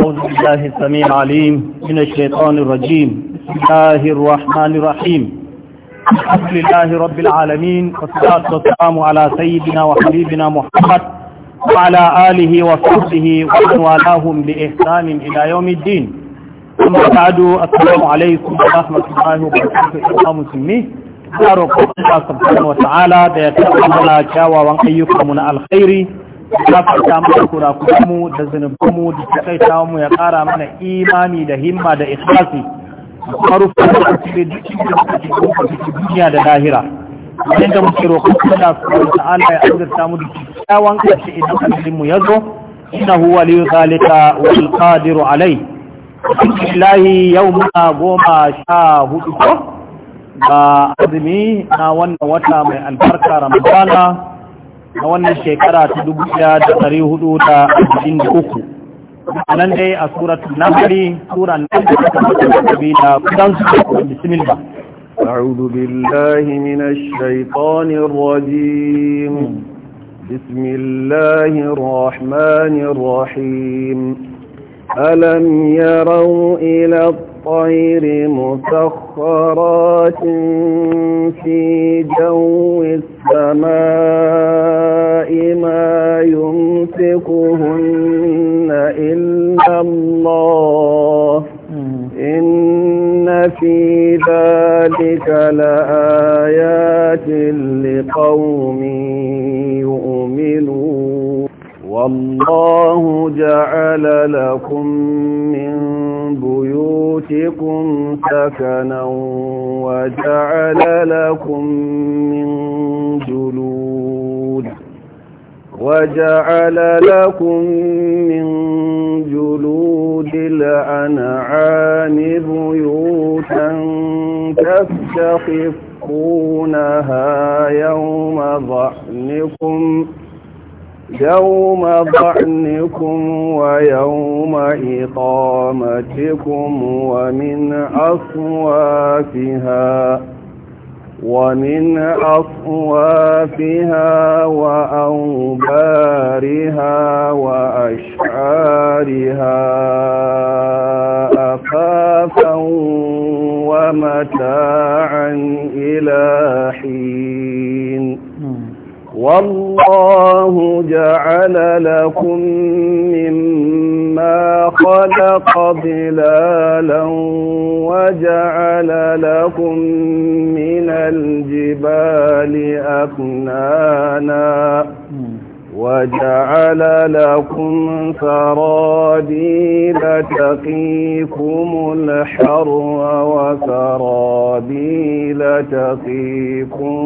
أعوذ بالله السميع العليم من الشيطان الرجيم بسم الله الرحمن الرحيم الحمد لله رب العالمين والصلاة والسلام على سيدنا وحبيبنا محمد وعلى آله وصحبه ومن والاهم بإحسان إلى يوم الدين ثم بعد السلام عليكم ورحمة الله وبركاته إلى مسلمين أرجو الله سبحانه وتعالى بيتقبل على كاوى وأن من الخير ya fata mana kurakuranmu da zunubanmu da takaitawa mu ya kara mana imani da himma da ikhlasi marufin da su da dukkan da su duniya da lahira wajen da muke roƙon Allah subhanahu ta'ala ya azurta mu da kyakkyawan kashi idan ajalin mu yazo huwa waliyyu zalika wal qadiru alai billahi yawma goma sha hudu ba azumi na wannan wata mai albarka ramadana a wannan shekara ta dubu a nan dai a suratun nahari sura nan da ta tafi da kudan su bismillah أعوذ بالله من الشيطان الرجيم بسم الله الرحمن الرحيم ألم يروا إلى الطير مسخرات في جو السماء ما يمسكهن إلا الله إن في ذلك لآيات لقوم يؤمنون والله جعل لكم من بيوتكم سكنا وجعل لكم من جلود وجعل لكم من جلود الأنعام بيوتا تستخفونها يوم ظحنكم يوم ضعنكم ويوم إقامتكم ومن أصوافها ومن أصوافها وأوبارها وأشعارها أخافا ومتاعا إلى حين والله جعل لكم مما خلق ظلالا وجعل لكم من الجبال أكنانا وجعل لكم سرابيل تقيكم الحر وسرابيل تقيكم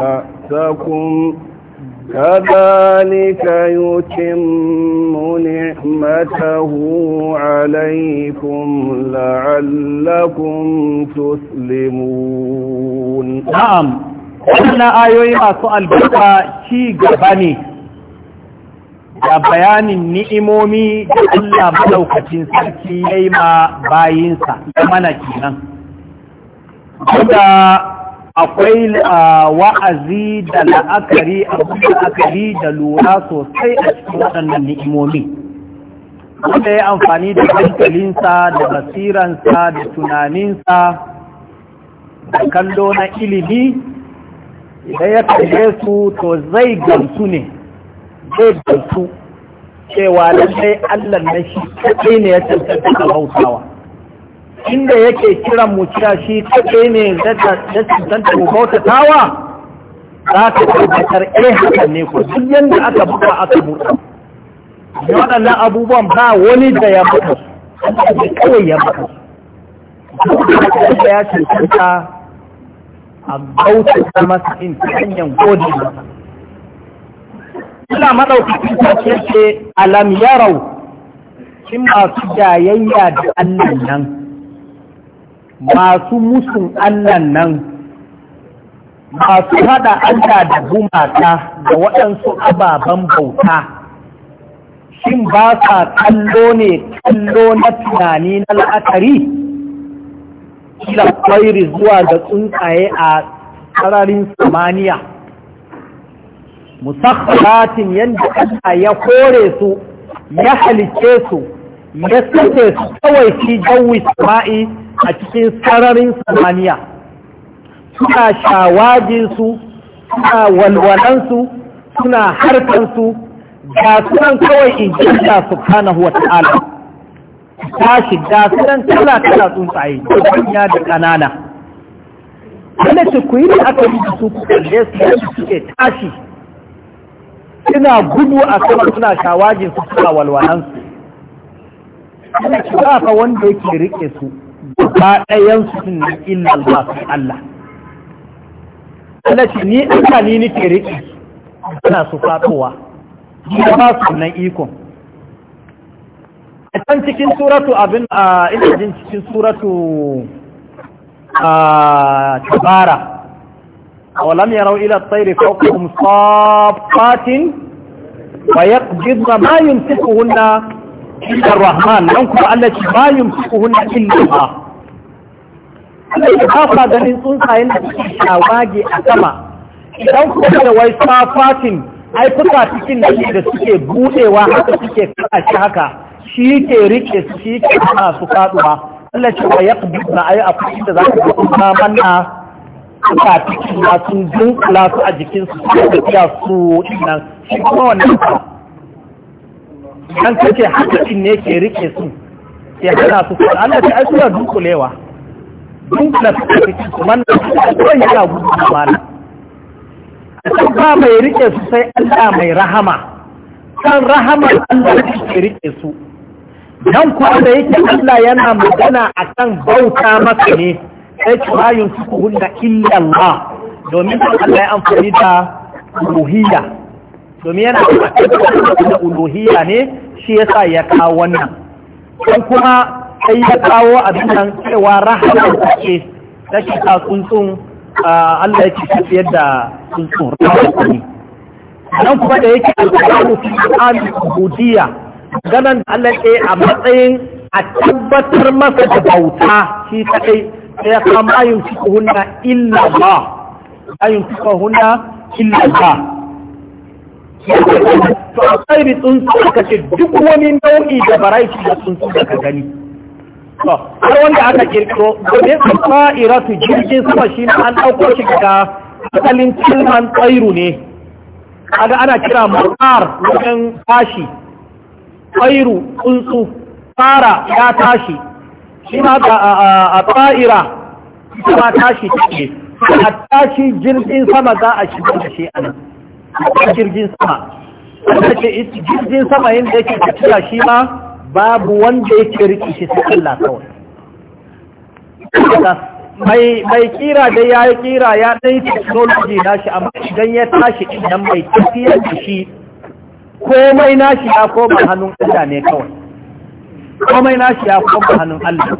بأسكم كذلك يتم نعمته عليكم لعلكم تسلمون نعم wannan ayoyi masu albarka ci gaba ne da bayanin ni'imomi da Allah madaukacin sarki ya yi ma bayinsa ya mana kenan wanda akwai wa'azi da la'akari abu akari da lura sosai a cikin waɗannan ni'imomi wanda ya amfani da hankalinsa da basiransa da tunaninsa da kallo na ilimi idan ya kalle su to zai gamsu ne zai gamsu cewa da sai allan na shi kaɗai ne ya cancanta da bautawa inda yake kiran mu cewa shi kaɗai ne ya cancanta da bautatawa za ka tabbatar ɗaya eh, hakan ne ku? duk yadda aka buka aka buɗa waɗannan abubuwan ba wani da ya buka su kawai ya buka su ya cancanta a bauta masa in ta hanyar gode masa Ina maɗaukaki ta ce ce alam yarau shi masu jayayya da Allah nan masu musun Allah nan masu haɗa Allah da gumata da waɗansu ababen bauta shin ba sa kallo ne kallo na tunani na la'akari kila kwairi zuwa ga tsuntsaye a sararin samaniya musakhalatin yadda Allah ya kore su ya halice su ya sace su kawai shi jawi sama'i a cikin sararin samaniya suna shawajinsu suna walwalansu suna harkansu ga sunan kawai in su subhanahu wata ala. ta shiga sunan kala kala tsuntsaye kunya da ƙanana wanda su ku yi aka yi su kalle su yadda suke tashi suna gudu a sama suna shawajin su suna walwalansu ana shiga ka wanda yake rike su ba ɗayan su ne illa ba su Allah wanda ni Allah ni nake rike suna su fatowa ni ba su nan ikon can cikin suratu abin a ina jin cikin suratu a tabara ya rau ila tsairi fawqahum saffatin wa yaqbidna ma suku hunna ar-rahman nan kuma Allah ce ma suku hunna Allah ba sa ganin tsuntsayen da suke shawage a sama idan kuma da wai sabbatin ai fuka cikin da suke budewa haka suke kasashe haka shi ke rike su shi ke ana su faduwa Allah ce wa yaqbid na ayi akwai inda za ka ga kuma manna suka ciki na sun dunkula su a jikin su suka tafiya su nan shi kuma wannan kan kace hakakin ne ke rike su ke hana su Allah ce ai suna dunkulewa dunkula su a cikin su manna su yana gudu mana ba mai rike su sai Allah mai rahama kan rahama Allah ke rike su dan kuma da yake Allah yana magana akan bauta maka ne sai ki bayun suku hunna illallah, domin domin Allah ya amfani da uluhiyya domin yana da uluhiyya ne shi ya sa ya kawo wannan dan kuma sai ya kawo abin nan cewa rahama take take ta tsuntsun Allah yake tafiyar da tsuntsun rahama ne nan kuma da yake alƙalamu fi al'adun ubudiyya ganan Allah ke a matsayin a tabbatar masa da bauta shi kadai sai ya kama ayin cika hunna illa ba ayin cika hunna illa ba to a tsairi tsuntsu aka ce duk wani nau'i da baraiki da tsuntsu da ka gani har wanda aka kirkiro domin su jirgin sama shi na an ɗauko shi daga asalin cilman tsairu ne kaga ana kira mu'ar wajen fashi. tsairu tsuntsu fara ya tashi shi ma a tsa'ira ma tashi take a tashi jirgin sama za a shiga da shi ana jirgin sama wanda ce jirgin sama yin da yake tafiya shi ma babu wanda yake riƙe shi su Allah kawai mai kira da ya yi kira ya ɗai technology na shi amma idan ya tashi idan mai tafiya da shi komai nashi ya koma hannun Allah ne kawai komai nashi ya koma hannun Allah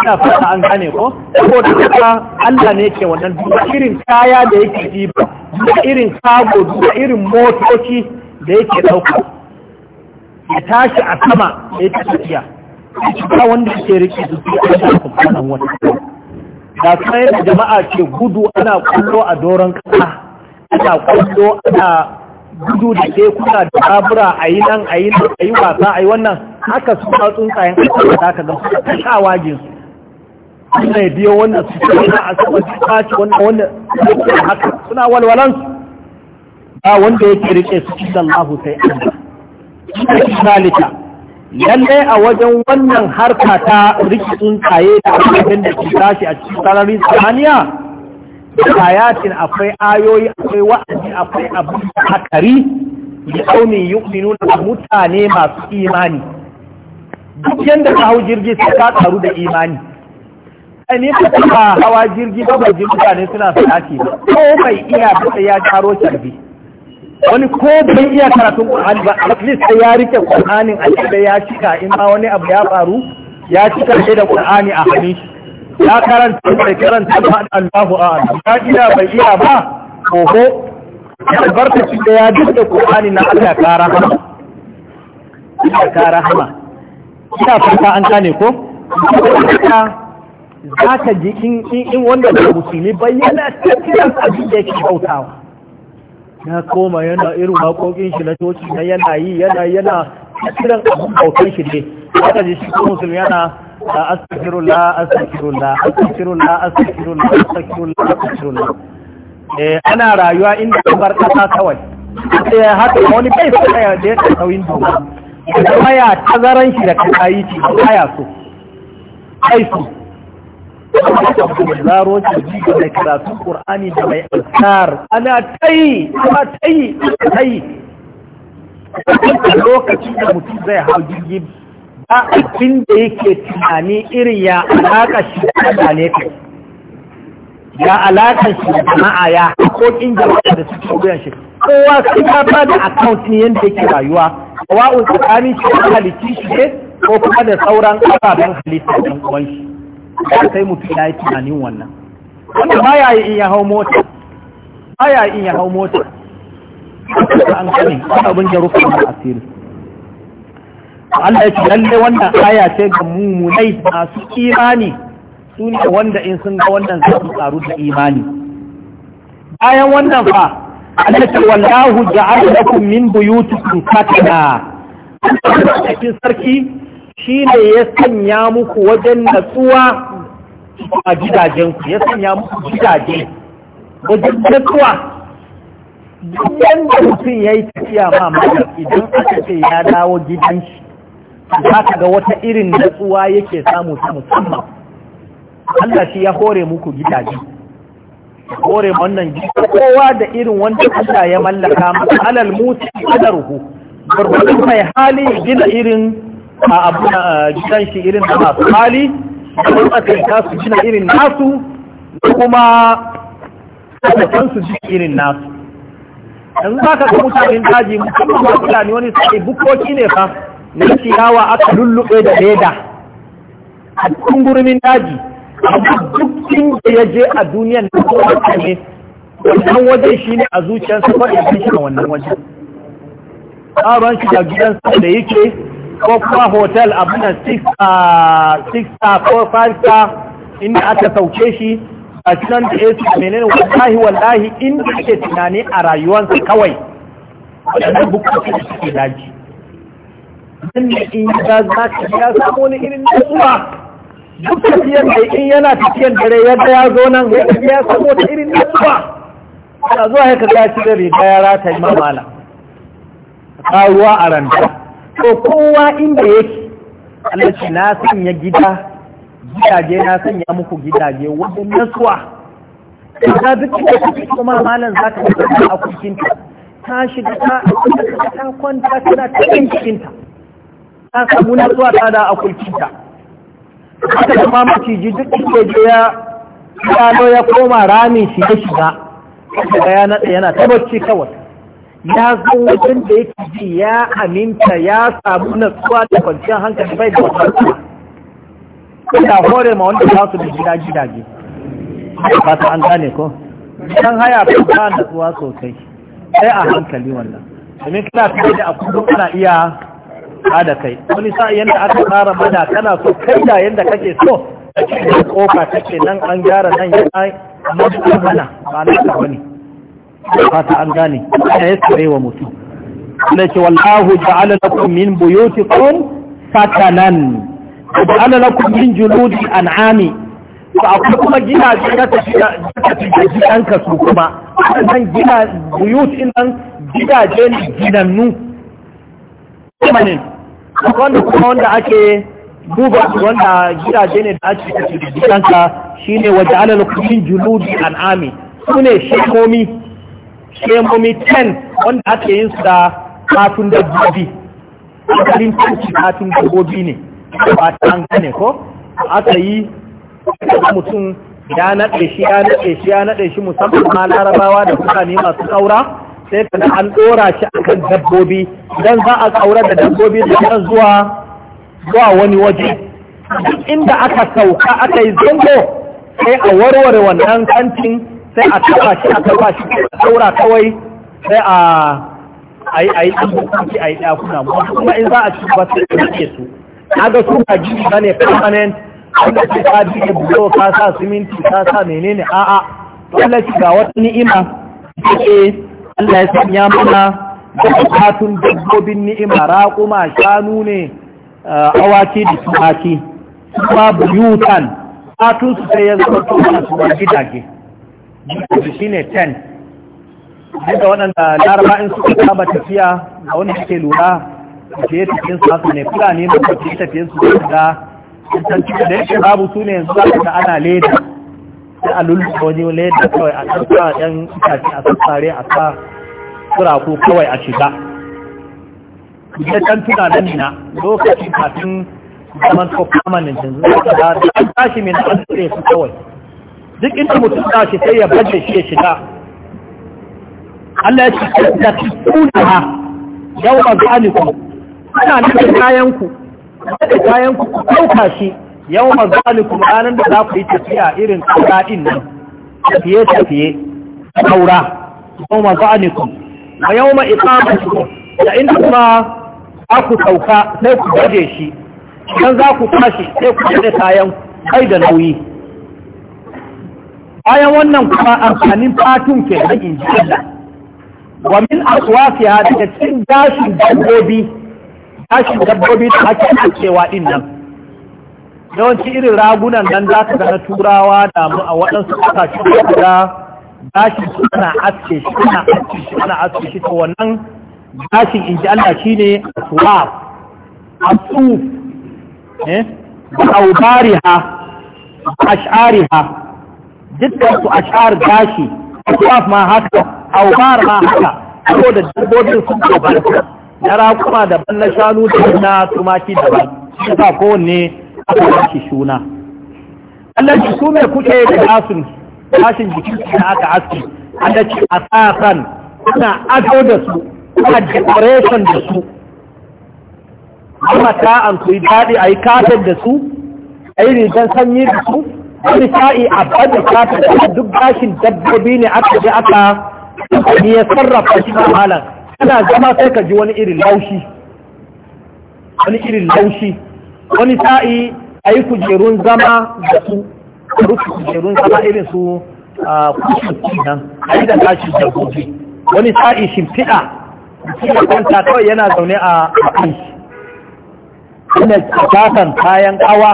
ina fata an gane ko ko da haka Allah ne ke wannan duka irin kaya da yake diba duka irin kago duka irin motoci da yake dauka ya tashi a sama ya yake tafiya ba wanda ke rike duki Allah subhanahu wa wani da sai jama'a ke gudu ana kullo a doron kasa ana kullo ana gudu da ke kuna da babura a yi nan a yi nan a yi wasa a yi wannan haka su ma tsuntsayen ƙasa da aka ga suka ta sha wajin suna ya biyo wannan su ce wani a saman su ci wannan wannan haka suna walwalan ba wanda ya ke rike su ci da Allah sai shi zalika lalle a wajen wannan harka ta riki tsuntsaye da abin da ke tashi a cikin sararin tsamaniya ayatin akwai ayoyi akwai wa'azi akwai abin akari da kaunin yu'minu da mutane masu imani duk yadda ka hau jirgi sai ka karu da imani a ne ka hawa jirgi ba bai mutane suna sadaki ba ko bai iya ba sai ya karo carbi wani ko bai iya karatun Qur'ani ba at least sai ya rike ƙur'anin a ya cika in ma wani abu ya faru ya cika da Qur'ani a hannun shi ya karanta bai karanta ba Allahu a'lam ya iya bai iya ba koko ya shi da ya duk da Qur'ani na Allah kara hama. ya kara hama. ya fata an kane ko za ka ji in in wanda da musulmi ba yana tafiyar abin da yake bautawa ya koma yana irin waƙoƙin shi na coci na yana yi yana yana kiran abin bautan shi ne aka ji shi musulmi yana لا أستغفر الله أستغفر الله أستغفر الله أستغفر الله أستغفر الله haka wani bai tsaya da ya tsawin duba da baya tazaran shi da kasa yi ci baya so ai so zaro ce jiga mai karatun ƙur'ani da mai alkar ana ta yi ana lokacin da mutum zai hau jirgin a cikin da yake tunani irin ya alaƙa shi da mutane ya alaƙa shi da ma'a ya haƙoƙin jama'a da suke wuyan shi kowa sai ya ba da account yadda yake rayuwa wa'un tsakanin shi da halitti shi ne ko kuma da sauran ababen halitta ɗan uwan shi ba sai mutum ya yi tunanin wannan wanda ba ya yi in ya hau mota ba ya yi in ya hau mota an kanin abin da rufin asiri Allah ya ce lalle wannan aya ce ga mumunai masu imani su ne wanda in sun ga wannan za su tsaru da imani bayan wannan fa Allah ya ce wallahu ja'alakum min buyutikum sakana cikin sarki shine ya sanya muku wajen natsuwa a gidajen ku. ya sanya muku gidaje wajen natsuwa duk wanda mutum ya yi tafiya ma mata idan aka ce ya dawo gidan shi haka ga wata irin natsuwa yake samu ta musamman Allah shi ya hore muku gidaje hore wannan gida kowa da irin wanda Allah ya mallaka alal muti qadaruhu gurbatin mai hali gina irin a abu gidan shi irin da masu hali aka ta su gina irin nasu kuma kuma da su ji irin nasu yanzu za ka ga mutanen daji musamman fulani wani sai bukoki ne fa na ciyawa aka lullube da leda a cikin gurmin daji amma duk inda ya je a duniyan da ko a ne wannan waje shi ne a zuciyar ba ya shi a wannan wajen tsaron shi da sa da yake ko kuma hotel a da 6 star 5 star inda aka sauke shi a cikin da ya su menene wallahi wallahi inda ake tunani a rayuwarsa kawai wadannan bukukuwa da suke daji nan da in ya za ka ya samu wani irin nutsuwa duk tafiyar da in yana tafiyar dare yadda ya zo nan ya tafi ya samu wata irin nutsuwa ana zuwa ya kaga shi da riga ya rata yi mamala ka ruwa a ranta to kowa inda yake Allah na sanya gida gidaje na sanya muku gidaje wajen nutsuwa ka duk da kake kuma za ka ga a cikin ta shiga ta kwanta tana cikin cikin ta ta samu zuwa ta da a kulkinta haka da ma maciji duk inda je ya gano ya koma rami shi ya shiga daga ya naɗa yana tabbaci kawai ya zo wajen da yake ji ya aminta ya samu zuwa da kwanciyar hankali bai da wata da hore ma wanda za su da gidaje ba ta an gane ko dan haya ta zuwa sosai sai a hankali wannan domin kina fi da a ana iya ka da kai wani sa yanda aka tsara mana kana so kai da yanda kake so a cikin kofa take nan an gyara nan ya ai amma duk hana ba na ka bane fata an gane ana yasare wa mutum Allah ce wallahu ja'ala lakum min buyutikum sakanan ja'ala lakum min juludi an'ami to akwai kuma gina na tafi da ka su kuma nan gina buyutin nan gidaje ne ginannu ne, wanda kuma wanda ake duba wanda gidaje ne da ake kashe da jikanka shine waje alal kumin juludi al'ami su ne Shekomi 10 wanda ake yin su da kafin dabbobi asalin kanci kafin gobi ne ba ta an gane ko aka yi mutum ya naɗe shi ya naɗe shi ya naɗe shi musamman ma larabawa da ne masu ƙaura sai ka an ɗora shi a kan dabbobi idan za a kaura da dabbobi da kan zuwa zuwa wani waje inda aka sauka aka yi zango sai a warware wannan kantin sai a taba shi a taba shi a saura kawai sai a a yi a yi a yi kuma in za a ci ba sai a rike su ga su ba gini ba ne permanent da ce ka biye bulo ka sa siminti ka sa menene a'a wallaci ga wata ni'ima take Allah ya sanya mana bukatun dabbobin ni'ima raƙuma shanu ne awaki da tumaki kuma buyutan atun su sai ya zama tuma su wani gidaje gidaje shi ne 10 duka waɗanda laraba in suka saba tafiya a wani suke lura tafiye tafiyen su haka ne fulani ne ke tafiyen su da da yake babu su ne yanzu za ana leda sai a lulluɓa wani wale da kawai a ɗan 'yan itace a sassare a sa ko kawai a shiga idan can tuna da nina lokacin kafin zaman ko permanent yanzu da an tashi mai na an tsire su kawai duk inda mutum tashi sai ya baje shi ya shiga Allah ya ce da tuna ha yau ba zalikum ana nufin kayanku da kayanku ku ɗauka shi yau mazalikum ranar da za ku yi tafiya irin ƙaura ɗin nan tafiye-tafiye ƙaura yau mazalikum a yau ma ikamatikum da inda kuma za ku sauka sai ku gaje shi idan za ku tashi sai ku gaje kayan kai da nauyi bayan wannan kuma amfanin fatun ke da inji da. wa min aswafiha daga cikin gashin dabbobi gashin dabbobi da ake cewa din nan yawanci irin ragunan nan za ka gana turawa da a waɗansu ƙasashe da gashi suna aske shi suna aske shi suna aske shi ta wannan gashin in ji Allah shi ne a turaf a tsuf da eh? aubari ha ashari ha dukkan su ashar gashi a turaf ma haka aubar ma haka saboda dabbobin sun ke barka na rakuma daban na shanu da na tumaki daban shi ba kowanne aka ba shi Allah ki su me kuke da asun kashin jikin da aka aski Allah ki asasan kuna ado da su kuna decoration da su kuma ta an ku daɗi a yi kafin da su a yi rigar sanyi da su wani sa'i a bada kafin da duk gashin dabbobi ne aka ji aka ne ya sarrafa shi na malam kana zama sai ka ji wani irin laushi wani irin laushi wani sa'i a kujerun zama da su a rufe kujerun zama irin su a kusur nan a yi da tashi da gobe wani sa'i shimfiɗa mutum da kwanta kawai yana zaune a kan shi ina kasan kayan awa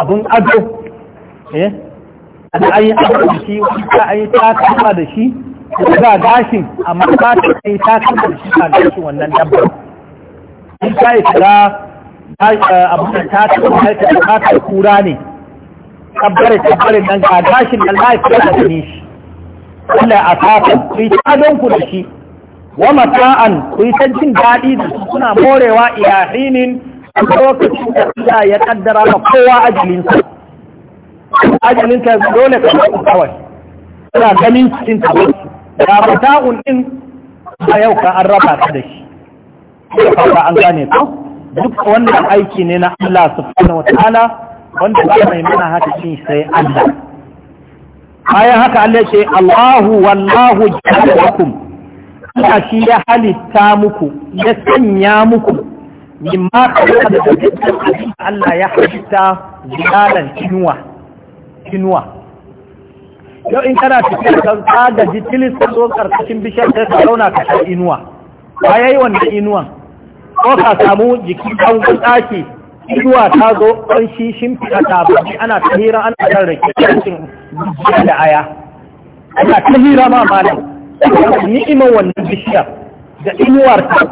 abun ado eh da an yi abu da shi wani ta an yi takama da shi a gashin amma ba ta yi takama da shi a gashin wannan dabba in ka yi shiga Eh, abin ta ta ta kura ne tabbare tabbare nan ga tashin Allah ya fara da shi Allah a tafa ku yi tsadon ku da shi wa mata'an ku san jin daɗi da kuna morewa iyahinin a lokacin da Allah ya kaddara ma kowa ajalinsa ajalinka dole ka ku kawai kana ganin cikin ta ga mata'un din a yau ka an raba ka da shi ba an gane ko duk wannan aiki ne na Allah subhanahu wataala wanda ba mai mana haka shi sai Allah bayan haka Allah ce Allahu wallahu ja'alakum Allah shi ya halitta muku ya sanya muku mimma ka da Allah ya halitta zilalan kinuwa kinuwa yau in kana cikin ka gaji jitilis ka zo karkashin bishiyar sai ka zauna ka inuwa ba yayi wannan inuwan ko ka samu jikin ɗan ɗaki inuwa ta zo ɗan shi shimfiɗa tabari ana ta hira ana kan rake cikin jiya da aya ana ta hira ma malam ni'imar wannan bishiyar da inuwar ta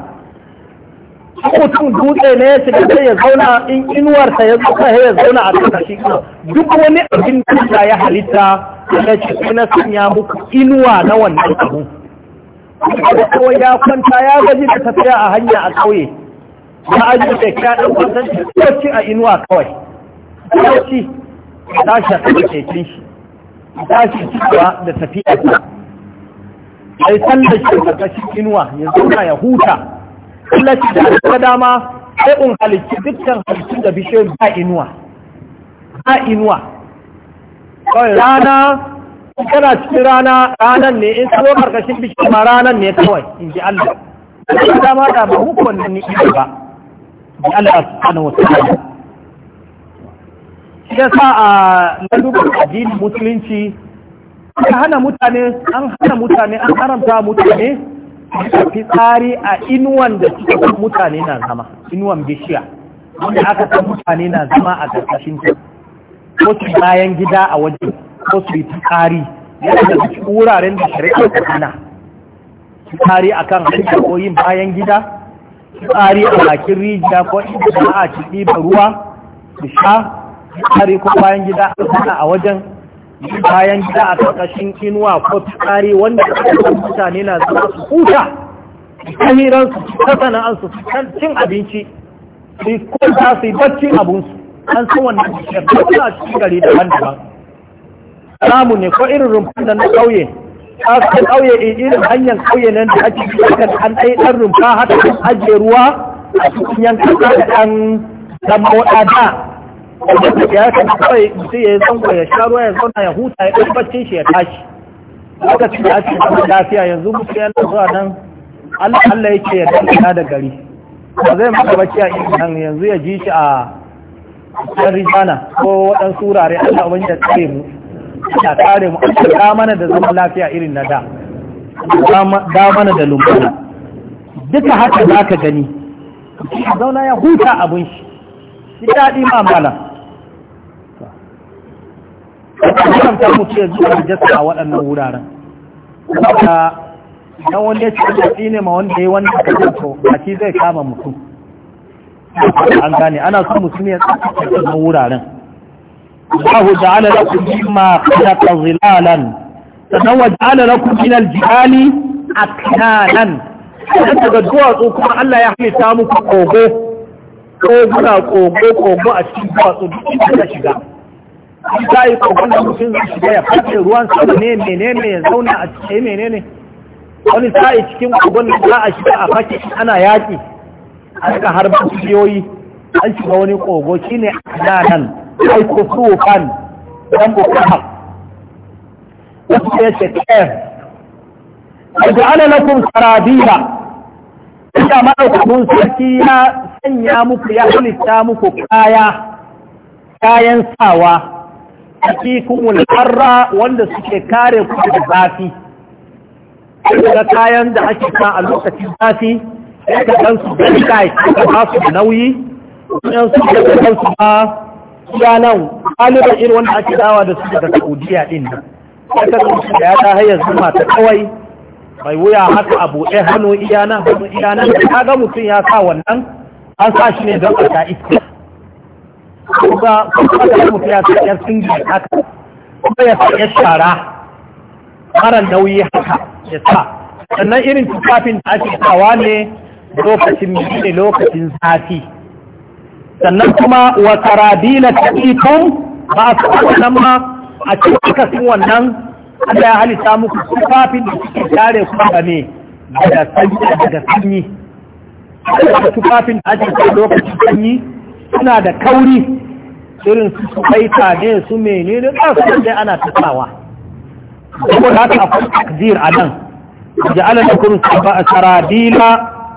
tun dutse ne ya shiga sai ya zauna in ta ya zuka ya zauna a kan shi duk wani abin da ya halitta ya ce na sanya muku inuwa na wannan abu da kawai ya kwanta ya gaji da tafiya a hanya a ƙauye ya aji da ya ɗan kwatanci tsoci a inuwa kawai tsoci ta shi a keken shi ta shi da tafiya ta sai sallar shi inuwa ya zauna ya huta sallar shi da ta dama sai un halittu dukkan halittun da bishiyoyin ba inuwa ba inuwa kawai rana in kana cikin rana ranan ne in zo karkashin bishiyar ma ranan ne kawai in ji Allah ba ta ma da ba hukun nan ido ba ji Allah subhanahu wataala shi sa a lalubar addinin musulunci an hana mutane an hana mutane an haramta mutane tsari a inuwan da suka mutane na zama inuwan bishiya wanda aka san mutane na zama a karkashin ta ko su bayan gida a waje ko su yi tsari yana da wuraren da shari'a ta hana tsari a kan hanyar ko yin bayan gida tsari a bakin rijiya ko inda a ci ɗiba ruwa su sha tsari ko bayan gida a hana a wajen bayan gida a ƙarƙashin inuwa ko tsari wanda mutane na zama su huta kahiransu ta sana'ansu cin abinci su ko ta su yi bacci abinsu an san wannan bishiyar da suna cikin gari daban-daban samu ne ko irin rumfan da na ƙauye kasan ƙauye eh, irin hanyar ƙauye nan da ake yi kan an ɗai ɗan rumfa haka an ajiye ruwa a cikin yankan da ɗan zama moɗa da wanda ya kan kawai mutum ya yi zango ya sha ruwa ya zauna ya huta ya ɗan bacci shi ya tashi lokacin da ake zama lafiya yanzu mutum yana zuwa nan Allah Allah yake ya dangana da gari ba zai maka bacci a irin nan yanzu ya ji shi a ɗan rijana ko waɗansu wurare Allah wani da tsare mu da tsare mu an da mana da zaman lafiya irin na da da mana da lumana duka haka za ka gani zauna ya huta abin shi shi daɗi ma malam kamta mu ce zuwa jasa a waɗannan wuraren saboda idan wanda ya ce ne ma wanda ya wanda ka to a zai kama mutum an gane ana son mutum ya tsaka da wuraren Allah ja'ala lakum mimma khalaqa zilalan sannan wa ja'ala lakum min al-jibali aknanan sannan daga duwatsu kuma Allah ya halitta muku kogo koguna kogo kogo a cikin duwatsu duk inda shiga an ta yi kogon da mutum zai shiga ya fashe ruwan sama ne menene ya zauna a cikin menene wani sa'i cikin kogon da za a shiga a fashe ana yaƙi a rika harba kujiyoyi an shiga wani kogo shi ne nan ai ko sufan dan bukahar wasu ya ce kef da ana lakum sarabiya ina ma'aikatun sarki ya sanya muku ya halitta muku kaya kayan sawa a cikin harra wanda suke kare ku da zafi daga kayan da ake sa a lokacin zafi sai ka gan su gani kai ka ba su da nauyi yan su da gan su ba ya nan ɗaliban irin wanda ake dawa da su daga saudiya ɗin nan sai ka gan su da ya ta hayar zuma ta kawai mai wuya haka abu ɗaya hannu iyana. nan hannu iya ka ga mutum ya sa wannan an sa shi ne don a ta iska kuma kuma da mutum ya sa 'yar singiyar haka kuma ya sa 'yar shara mara nauyi haka ya sa sannan irin tufafin da ake sawa ne lokacin ne lokacin zafi sannan kuma wa karabila taqikum ba su wannan ma a cikin kasin wannan Allah ya halitta muku tufafin da suke tare kuma ba ne daga sanyi daga sanyi tufafin da ake kai lokacin sanyi suna da kauri irin su su kai ne su menene ba su dai ana tasawa saboda haka akwai takdir a nan ja'ala lakum sarabila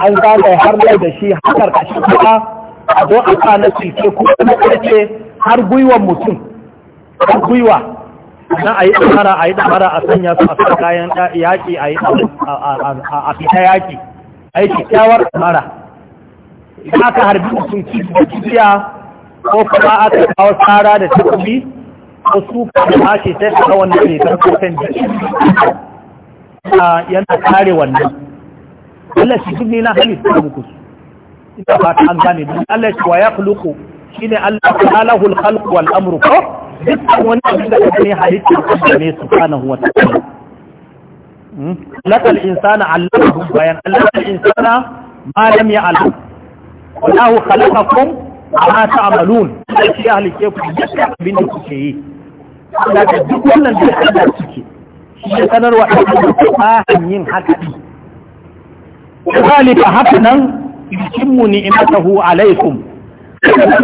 an zagaye har mai da shi hakar kashi kuma a zo a sa na cike ko kuma karfe har gwiwan mutum har gwiwa na a yi ɗamara a yi ɗamara a sanya su a sa kayan yaƙi a yi a fita yaƙi a yi kyakkyawar ɗamara idan aka harbi mutum kibiya ko kuma aka kawo tsara da takobi ko suka da shi sai ka ga wannan rigar kofin da yana kare wannan Allah shi duk ne na halitta muku ina fata an gane duk Allah shi wa ya khluqu shine Allah ta'alahu al-khalq wal amru ko dukkan wani abu da kake ne halitta Allah ne subhanahu wa ta'ala hmm? lakal insana allamahu bayan lakal insana ma lam ya'lam wallahu khalaqakum ma ta'malun shi ahli ke ku dukkan abin da kuke yi daga duk wannan da Allah suke shi sanarwa ta yin haka kazalika haka nan yutimmu ni'matahu alaikum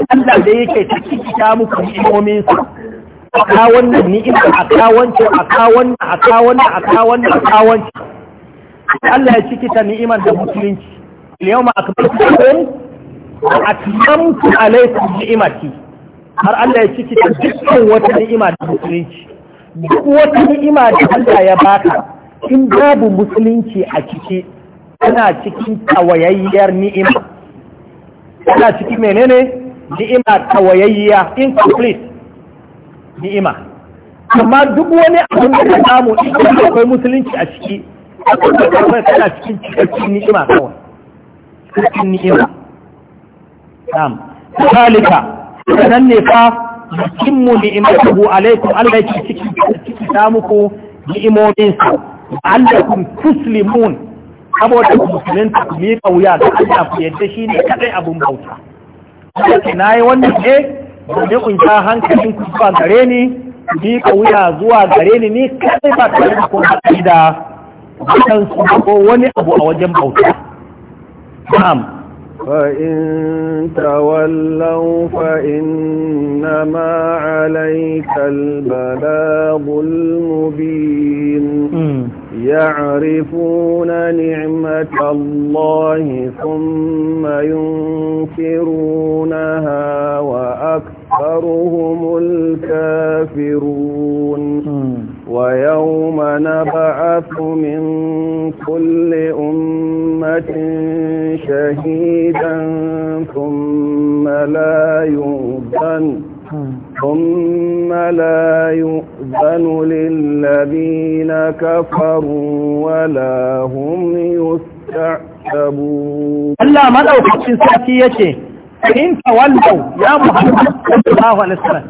Allah da yake cikin ta muku ni'imomin sa aka wannan ni'ima aka wance aka wannan aka a aka wannan aka wance Allah ya ciki ta ni'imar da musulunci ma yawma akbartu lakum wa atmamtu alaykum ni'imati har Allah ya ciki ta dukkan wata ni'ima da musulunci duk wata ni'ima da Allah ya baka in babu musulunci a ciki kana cikin tawayayyar ni'ima kana cikin menene ni'ima tawayayya incomplete ni'ima amma duk wani abin da ka samu idan akwai musulunci a ciki akwai kana cikin cikakken ni'ima kawai cikin ni'ima na'am Salika, sanan ne fa yutimmu ni'imatahu alaikum Allah yake cikin cikin samuku ni'imomin sa Allah kun tuslimun saboda musulunta ku miƙa wuya da Allah ku yadda shi ne kadai abin bauta Kuma na yi wannan ne domin in ja hankalin ku zuwa gare ni miƙa wuya zuwa gare ni ni kaɗai ba ta yi kun haɗari da su ko wani abu a wajen bauta na'am فإن تولوا فإنما عليك البلاغ المبين يعرفون نعمة الله ثم ينكرونها وأكثرهم الكافرون ويوم نبعث من كل أمة شهيدا ثم لا يؤذن ثم لا يؤذن للذين كفروا ولا هم يستعتبون الله ما لو كنت ساكية إن تولوا يا محمد صلى الله عليه وسلم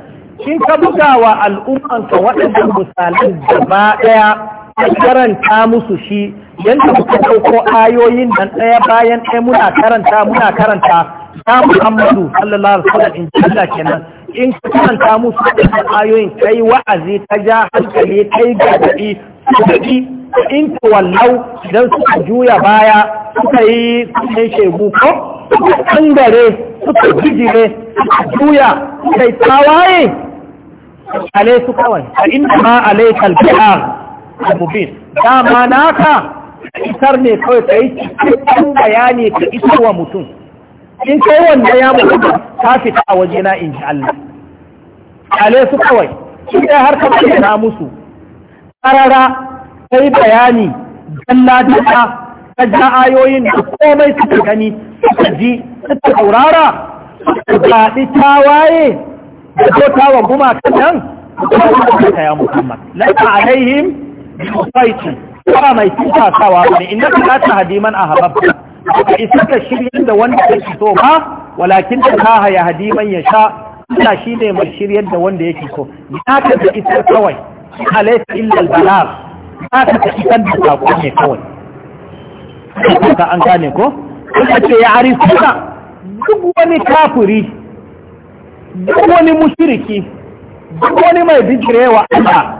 إن كبقى والأمة وإذا المسالين جبائع a karanta musu shi yadda muka ɗauko ayoyin nan ɗaya bayan ɗaya muna karanta muna karanta ta Muhammadu sallallahu alaihi wasallam in ji Allah kenan in ka karanta musu waɗannan ayoyin kai wa'azi ta ja hankali kai gargaɗi gargaɗi in ka wallau idan suka juya baya suka yi sunan shegu ko suka suka bijire juya suka tawaye ale su kawai a inda ma alaikal bi'ar mubin dama naka isar ne kawai ka yi cikin bayani ka isar wa mutum in kai wanda ya mutu ta fita a na in ji Allah kale su kawai shi ɗaya har ka bayyana musu karara kai bayani dalla dalla ta ja ayoyin da komai suka gani suka ji suka saurara suka zaɓi tawaye da ko tawa gumakan nan suka ya muhammad lafa alaihim bi musaiti ba mai sawa ne inda ka ta hadiman a hababta ba isa ka shirya da wanda ya so ba walakin ta haya hadiman ya sha Allah shi ne mai shiryar da wanda yake so ya ka da isar kawai laifin illa balar, ya ka da isar da sako ne kawai ka an gane ko Kuka ce ya ari arifuna duk wani kafuri. duk wani mushiriki. duk wani mai bijirewa Allah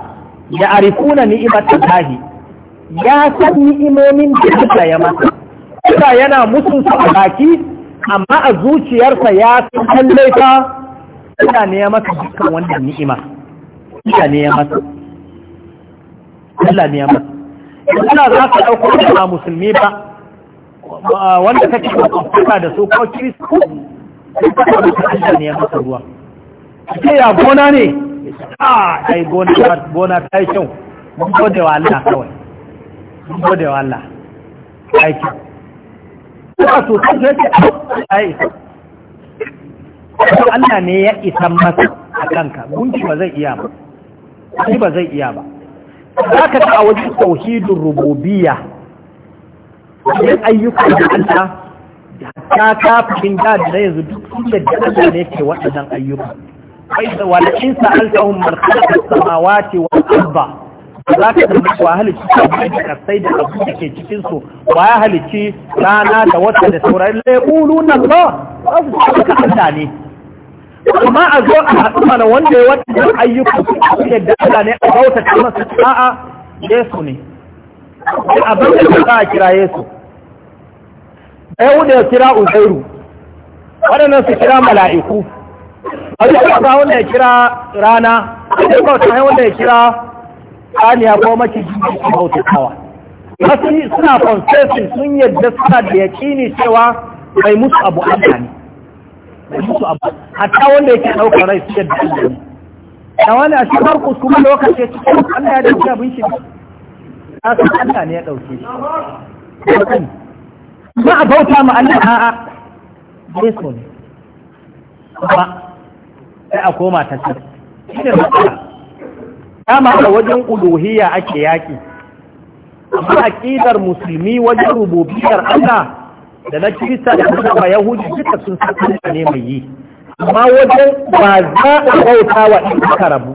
ya ari arifuna ta tahi, ya san ni'imomin da suka ya masa Allah yana musun su a baki amma a zuciyarsa ya san laifa Allah ne ya maka dukkan wannan ni'ima Allah ne ya maka Allah ne ya maka Kana za ka ɗauko ba musulmi ba wanda kake kuka da su ko kristo Allah ne ya maka ruwa ce ya gona ne a ai gona gona ta yi kyau mun gode wa Allah kawai mun gode wa Allah aiki kuma so ta ce ai Allah ne ya isan masa a kanka gunki ba zai iya ba shi ba zai iya ba za ka a wajen tauhidin rububiya wajen ayyukan da Allah ta kafin da na yanzu duk sun da Allah ne ke waɗannan ayyukan bai da walakin in sa'altahum man khalaqa as-samawati wal za ka tambaye wa halicci da kasai da abu da ke cikin su wa ya halicci rana da wata da saurari la yaquluna Allah wasu ka Allah ne amma a zo a haɗu mana wanda ya wata ayyuka yadda Allah ne a bauta ta masu a'a Yesu ne sai abin da za a kira Yesu ɗaya wuɗe ya kira Uzairu waɗannan su kira mala'iku a duk ba wanda ya kira rana a duk bauta wanda ya kira saniya ko jiki su bauta kawa wasu suna confessing sun yadda suna da yaƙini cewa mai musu abu amfani ne da musu abu hatta wanda yake ɗaukar rai su yadda Allah ne da wani a shi har kuma lokaci ya cikin Allah ya dauki abin shi ta san Allah ne ya ɗauke shi ba a bauta ma Allah a'a bai so ne ba sai a koma ta ce shi ne matsala dama a wajen uluhiyya ake yaki. amma aƙidar musulmi wajen rububiyar Allah da na kirista da kuma ba yahudi duka sun san Allah ne mai yi amma wajen ba za a bauta wa in aka rabu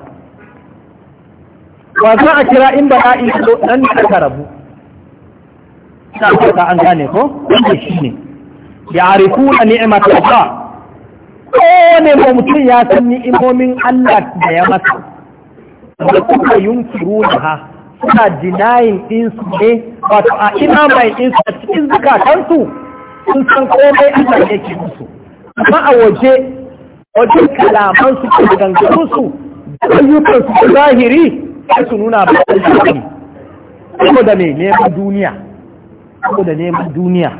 ba za a kira in bala'i ko dan aka rabu ta fata an gane ko wanda shine ba Ko ne ba mutum ya san ni'imomin Allah da ya masa da kuma yunkiru da ha suna denying ɗinsu ne wato a ina mai ɗinsu a cikin zukatansu sun san komai Allah yake musu amma a waje waje kalaman su ke gangarun su ayyukan su zahiri sai su nuna ba da zahiri saboda me neman duniya saboda neman duniya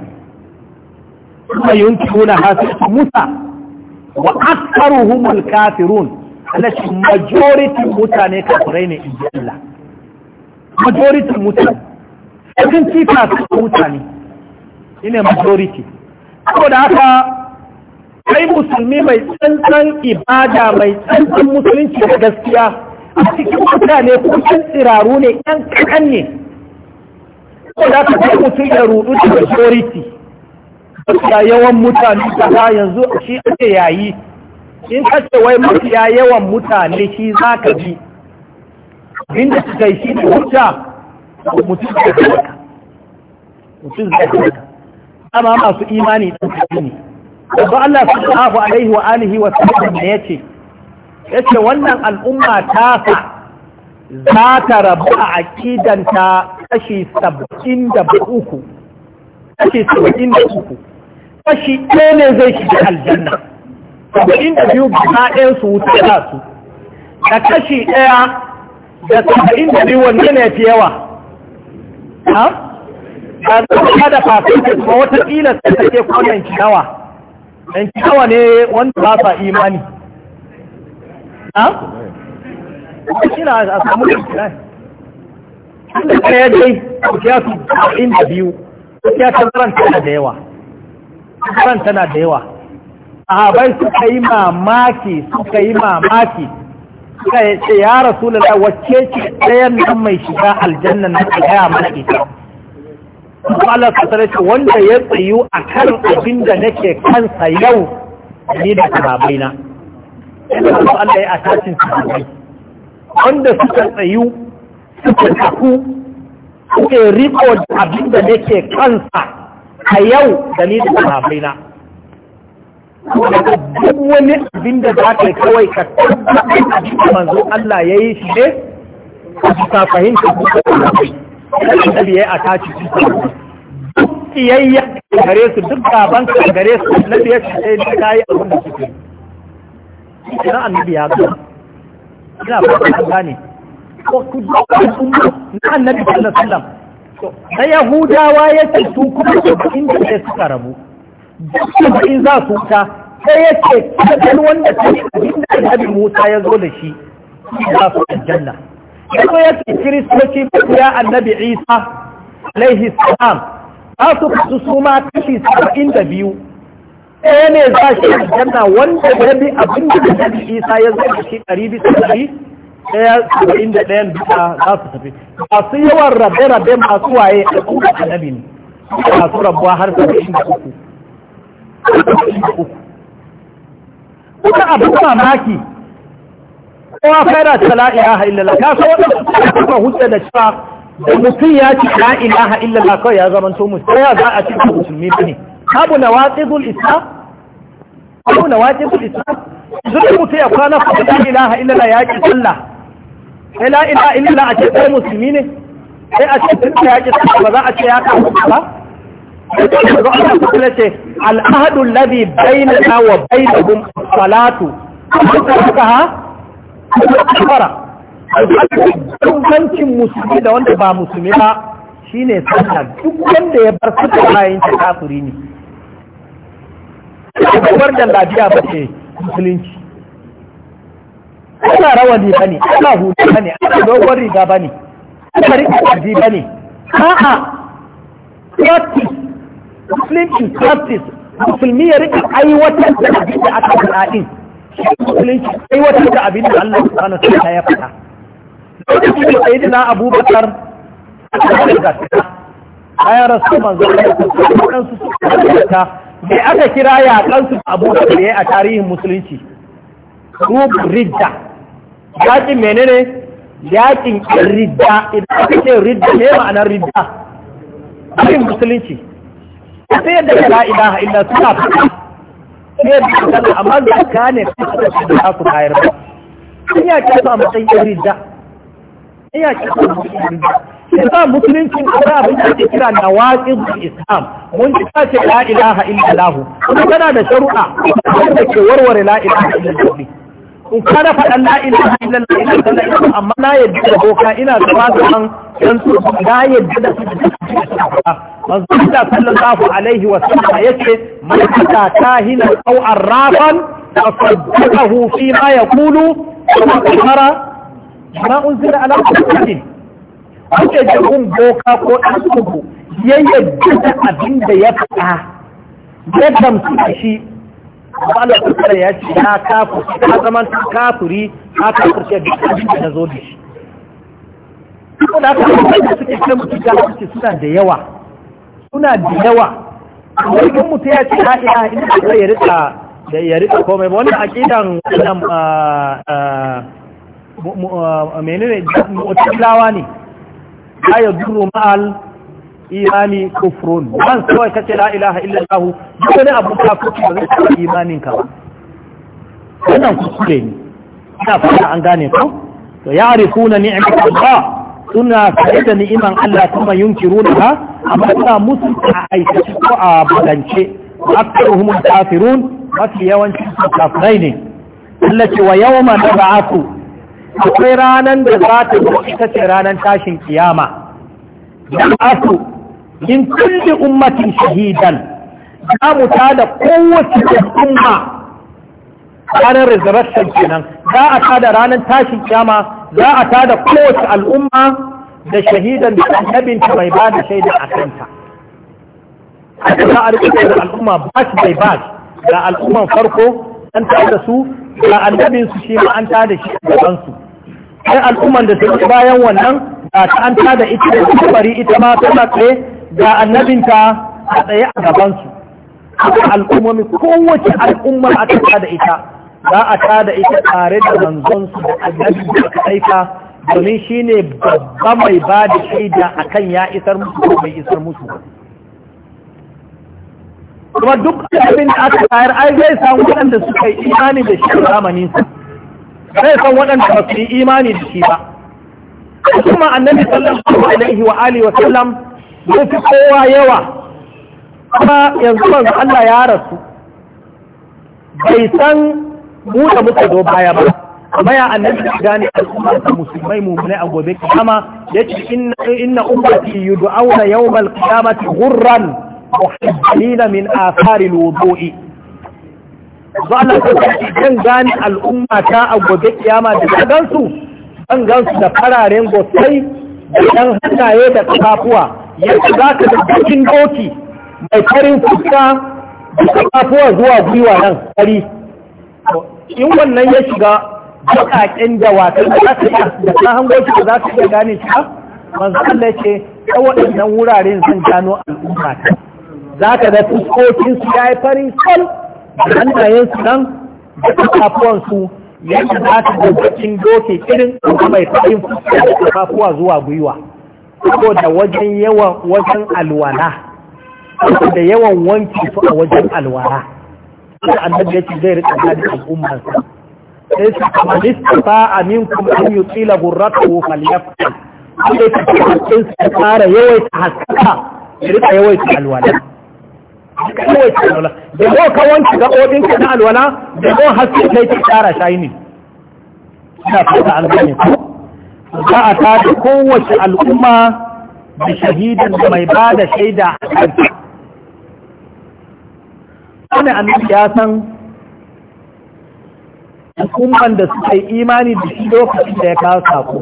kuma yunkiruna hasu musa wa aktsaruhumul kafirun alashi majority mutane kafirai ne in Allah majority mutane cikin su mutane shine majority saboda haka kai musulmi mai tsantsan ibada mai tsantsan musulunci da gaskiya a cikin mutane kan tsiraru ne yan kaɗan ne saboda haka kai mutum ya rudu da majority mafiya yawan mutane ha yanzu shi ake yayi in ka ce wai mafiya yawan mutane shi za ka ji inda su kai shi da hujja mutum zai haka mutum zai haka amma masu imani ɗin kaɗi ne yanzu Allah su ta'afu alaihi wa alihi wa sallam ne yace yace wannan al'umma ta sa za ta rabu a aƙidanta kashi saba'in da uku kashi saba'in kashi ɗaya ne zai shiga aljanna saba'in da biyu ba ɗayan su wuta za su da kashi ɗaya da saba'in da biyu wanne ne fi yawa ba ta da fasinta kuma wata ƙila sai take kuma yanki nawa yanki nawa ne wanda ba sa imani ha? kuma shi a samu yanki na inda kare ya dai kuciya su arba'in da biyu kuciya ta zaran tana da yawa zaran tana da yawa ahabai suka yi mamaki suka yi mamaki suka ce ya rasu lalai wacce ce ɗayan nan mai shiga aljanna na ta gaya mana ita Allah ta tsare wanda ya tsayu a kan abin da nake kansa yau ni da sahabai na yadda su Allah ya tashin sahabai wanda suka tsayu suka tafu, suke riko da abin da nake kansa a yau da ni da sahabai na duk wani abin da za ka yi kawai ka tabbatar da manzo Allah ya yi shi ne ka bisa fahimta ko kuma annabi ya ataci kiyayya gare su duk gaban ka gare su annabi ya su sai eh, ka yi abin da suke ina annabi ya ga ina fata an gane ko ku da na annabi sallallahu sallam? wasallam da yahudawa ya ce su kuma inda sai suka rabu duk in za su ta sai yake ce kan wanda sai abin da annabi Musa ya zo da shi za su aljanna yanzu ya ce kiristoci ya annabi isa alaihi salam za su kasu su ma kashi saba'in da biyu ɗaya ne za shi aljanna wanda ya bi abin da annabi isa ya zo da shi ɗari bisa ɗari ɗaya saba'in da ɗayan bisa za su tafi masu yawan rabe-rabe masu waye a kuma annabi ne masu rabuwa har saba'in da uku. Kuka abin mamaki kowa fara ta la'ilaha ilaha illallah ka so wannan kuma hujja da cewa da mutum ya ci la'ilaha illallah kawai ya zama to mutum ya za a ci musulmi bane abu na waqidul islam abu na waqidul islam zuwa mutum ya kwana ku la ilaha illallah ya ci sallah sai la'ilaha illallah a ce kai musulmi ne sai a ce tun ya ci sallah ba za a ce ya kawo ba Ladi bai العهد الذي بيننا a الصلاة فقها kafara bambancin musulmi da wanda ba musulmi ba shine sallah duk wanda ya bar sallah bayan ta kafiri ne kabar da lafiya ba ce musulunci ana rawani ba ne ana hudu ba ne ana dogon riga ba ne ana rika ƙarfi ba ne a'a practice musulunci practice musulmi ya rika aiwatar da abin da aka faɗa musulunci aiwatar da abin da Allah subhanahu wa ta'ala ya faɗa lokacin da sayyidina Abubakar aka da gaskiya bayan rasu manzo Allah su ta me aka kira ya kan su abu Abubakar yayi a tarihin musulunci rub ridda yaƙin menene yaƙin ridda idan aka ce ridda me ma'anar ridda abin musulunci sai yadda la ilaha illa suna faɗa ne da kana amma zakka ne da ku bayar ba in ya ce a matsayin rida in ya ce a matsayin rida yasa musuluncin kuma abin da ake kira na waƙin islam mun ji ta ce la ilaha illallah kuma tana da shari'a wanda ke warware la ilaha illallah in kana faɗan la ilaha illallah amma na yadda da boka ina zama zaman dan su ga yadda da su manzo da sallallahu alaihi wa sallam yace man ta kahina aw arrafan fasaddahu fi ma yaqulu wa qara ma unzila ala muhammadin kuke jin boka ko dan suku ya yadda da abin da ya faɗa ya gamsu da shi Allah ya ce ya kafu ka zaman kafuri ka kafurce duk abin da na zo da shi saboda haka da suke kai mutum ga suke suna da yawa suna da yawa wani mutu ya ce ha ina ina da ya rika da ya komai ba wannan aqidan nan um, uh, uh, uh, menene mutallawa ne la yadurru ma'al imani kufrun ban kawai kace la ilaha illallah duk wani abu kafirci ba zai taɓa imanin ka ba wannan kuskure ne ina fata an gane ko to ya arifuna ni'mat Allah suna saye da ni'iman Allah kuma yunkiruna ha amma suna musu a aikace ko a balance aktaruhum kafirun mafi yawanci su kafirai ne Allah ce wa yawma nab'atu akwai ranar da za ta zo ita ce ranar tashin kiyama nab'atu in kulli ummatin shahidan za mu tada kowace al'umma ranar resurrection kenan za a tada ranar tashin kiyama za a tada kowace al'umma da shahidan da annabinta mai ba da shaidan a kanta A za a da al'umma bash bai bash ga al'umman farko an tada su ga annabinsu shi ma an tada shi a gabansu sai al'umman da suke bayan wannan da ta an tada ita da kubari ita ma tana tsaye ga annabinta a tsaye a gabansu haka al'ummomi kowace al'umma a tada ita za a tada ita tare da manzonsu da annabi da aka aika domin shi ne babba mai ba da shaida a kan ya isar musu ko mai isar musu kuma duk abin da aka tayar ai zai san waɗanda suka yi imani da shi a zamanin su zai san waɗanda ba su yi imani da shi ba kuma annabi sallallahu alaihi wa alihi wa sallam zai fi kowa yawa kuma yanzu manzo Allah ya rasu bai san mu da muka zo baya ba amma ya annabi gane al'umma ta musulmai mummunai a gobe kiyama yace inna inna ummati yud'auna yawmal qiyamati ghurran muhajjalina min athari al-wudu'i Ba Allah ta ce kan gane al'umma ta a gobe kiyama da gansu an gansu da fararen gosai da ɗan hannaye da kafafuwa Yanzu za ka da cikin doki mai farin fuska da kafafuwa zuwa gwiwa nan fari in wannan ya shiga da wata da za su iya da ta hango shi da za su iya gane shi ba manzo Allah ce ta waɗannan wuraren zan gano al'umma ta za ka da fuskokin su ya yi farin sal da hannayen su nan da kafafuwan su yadda za su gabacin doke irin mai farin fuska da kafafuwa zuwa gwiwa saboda wajen yawan wajen alwala da yawan wanki su a wajen alwala sai annabi yake zai rika gadi al'ummar sa sai su kama listafa aminkum an yutila gurratu falyafal sai ta cikin su tsara yawaita haskaka ya rika yawaita alwala ka yawaita alwala da ko ka wanke gaɓoɓin ka na alwala da ko haske kai ta tsara shaini ina fata an gane ko za a tada kowace al'umma da shahidan da mai ba da shaida a kanta wani annabi ya san al'umman da suka yi imani da shi lokacin da ya kawo sako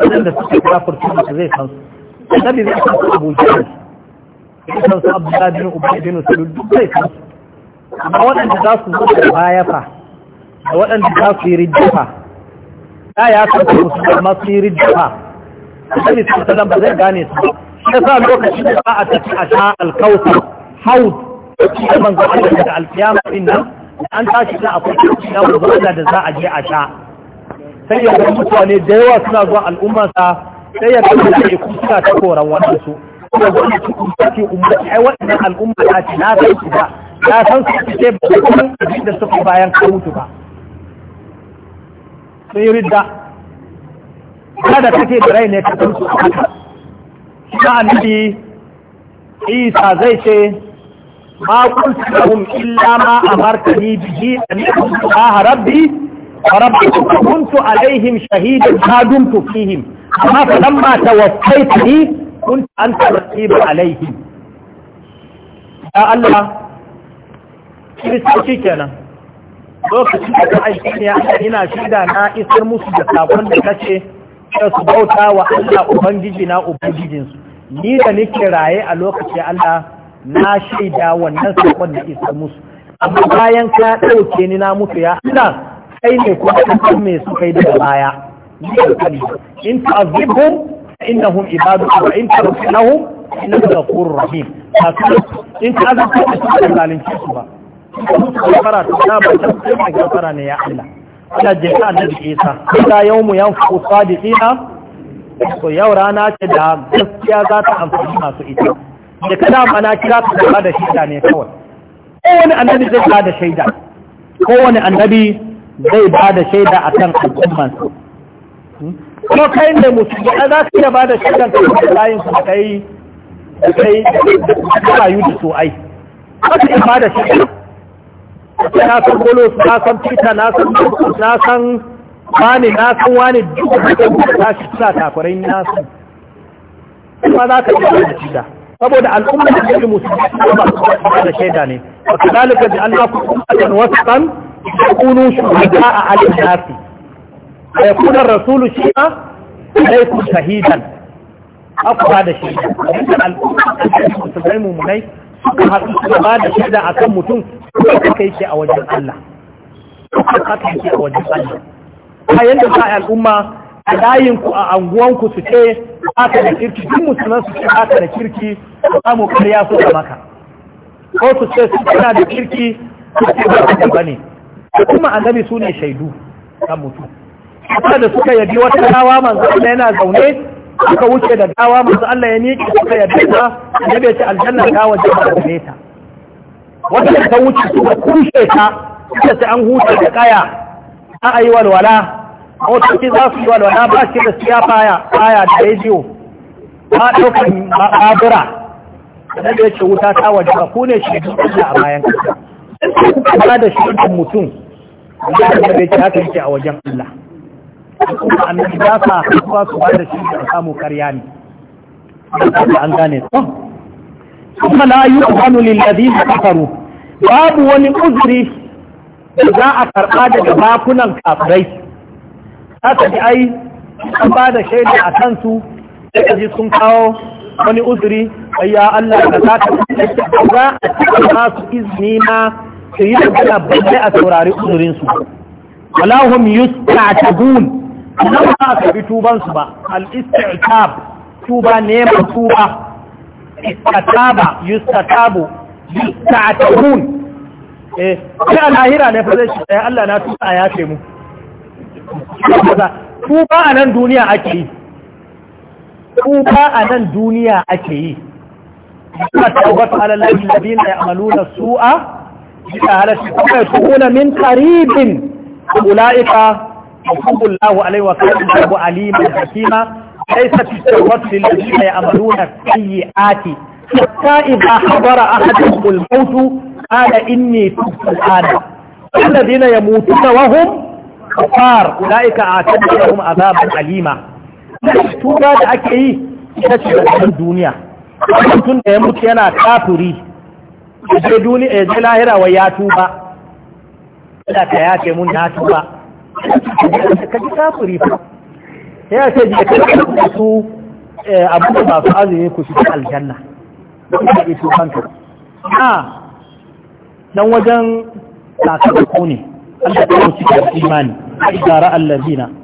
waɗanda suka kafurci da zai san su annabi zai san su abu jihar zai san su abu da bin ubai bin su duk zai san su amma waɗanda za su zo da baya fa da waɗanda za su yi rijjafa da ya san su su da masu yi rijjafa annabi sallallahu alaihi ba zai gane su shi sa lokacin da ba a tafi a sha alkautar haud da manzo Allah da alkiyama din nan an tashi da akwai da manzo Allah da za a je a sha sai ya ga mutane da yawa suna zuwa al'umma sa sai ya ga mutane kusa ta koran wadansu kuma wani cikin sake umarci ai waɗannan al'umma ta ce na san su ba na san su ce ba kuma abin da suka bayan ka mutu ba sun yi ridda kada kake da rai ne ka san su a haka shi annabi isa zai ce ma kuntu lahum illa ma amartani bihi an ya'budu Allah rabbi wa kuntu alaihim shahida ma dumtu fihim amma falamma tawaffaytani kuntu anta rakiba alaihim ya Allah kiristoci kenan lokacin da ka ya ina shida na isar musu da sakon da kace ce su bauta wa Allah ubangiji na ubangijinsu ni da nake raye a lokacin Allah na shaida wannan sakon da isa musu amma bayan ka ɗauke ni na mutu ya Ina kai ne kuma kasar mai su kai daga baya in ta ta'azibhum innahum ibaduka wa in ta tarhamhum innaka ghafurur rahim in ta ta'azibhum ba zalunci su ba gafara ta ta ba ta kuma gafara ne ya Allah Allah je ka annabi Isa da yawmu yanfu ina, ko yau rana ce da gaskiya za ta amfani masu ita da ka dama na kira ka ba da shaida ne kawai kowane annabi zai ba da shaida kowane annabi zai ba da shaida a kan al'ummansa kuma kai ne mutum ya za su iya ba da shaidan ka da layin su kai da kai da rayu da su ai haka ya ba da shaida na san golo su na san fita na san na san wani na san wani duk da ta shi suna takwarai na san kuma za ka iya ba da shaida saboda al'umma da ke su ba da shaida ne wa kadalika da Allah ku wasu kan takunu shugaba a alin nasi a yakuna rasulu shi ma alaikum shahidan aku ba da shaida abinda al'umma da ke musulmi mummunai suka haɗu suka ba da shaida a kan mutum suka kai shi a wajen Allah suka kai shi a wajen Allah bayan da za al'umma a layinku a anguwanku su ce haka da kirki duk musulman su ce haka da kirki su samu karya su da maka ko su ce su suna da kirki su ce ba da bane kuma annabi su ne shaidu kan mutu. kuma da suka yabi wata dawa manzo Allah yana zaune suka wuce da gawa manzo Allah ya miƙe suka yabi ta annabi ya ce aljanna ta waje ba da ta wata ta wuce suka kushe ta suka ce an huta da kaya a ayi walwala motoci za su yi na ba shi da siya faya faya da radio. ba ɗaukan ma'abura da da ce wuta ta waje ba ku ne shi da a bayan kasa ba da shi da mutum da da yake haka yake a wajen Allah kuma yi ya sa kuma su ba da shi da samu karya ne an gane su kuma la yu'minu lil ladina kafaru babu wani uzuri da za a karɓa daga bakunan kafirai aka ji ai an ba da shaida a kansu da ji sun kawo wani uzuri ya Allah da za ka za a cikin masu izini na su yi magana balle a saurari uzurinsu walahum gun. na ba ka bi tubansu ba al-istitab tuba neman tuba istataba yustatabu yustatagun eh sai a lahira ne fa zai shi Allah na tuba ya ce mu kaza ba a nan duniya ake yi tuba a nan duniya ake yi ba su'a kuma min ulaika yuhibbu Allahu alaihi wa sallam Allahu aliman hakima laysa fi tawbatu inni kafar ulaika atadna lahum azabar alima tuba da ake yi ita ce da duniya tun da ya mutu yana kafuri je duniya ya je lahira wa ya tuba da ta yace mun na tuba ka ji kafuri fa ya ce je ka su abu da ba su eh, azumi ku shi aljanna ita ce tubanka a ah, dan wajen ku ne أن تقوم بالإيمان إذا رأى الذين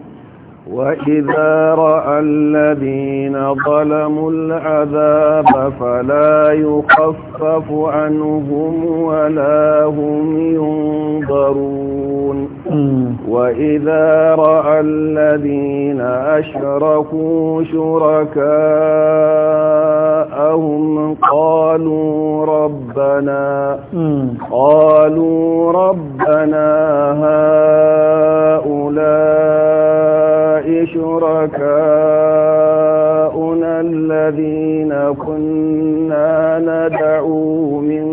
وإذا رأى الذين ظلموا العذاب فلا يخفف عنهم ولا هم ينظرون وإذا رأى الذين أشركوا شركاءهم قالوا ربنا قالوا ربنا هؤلاء شركاؤنا الذين كنا ندعو من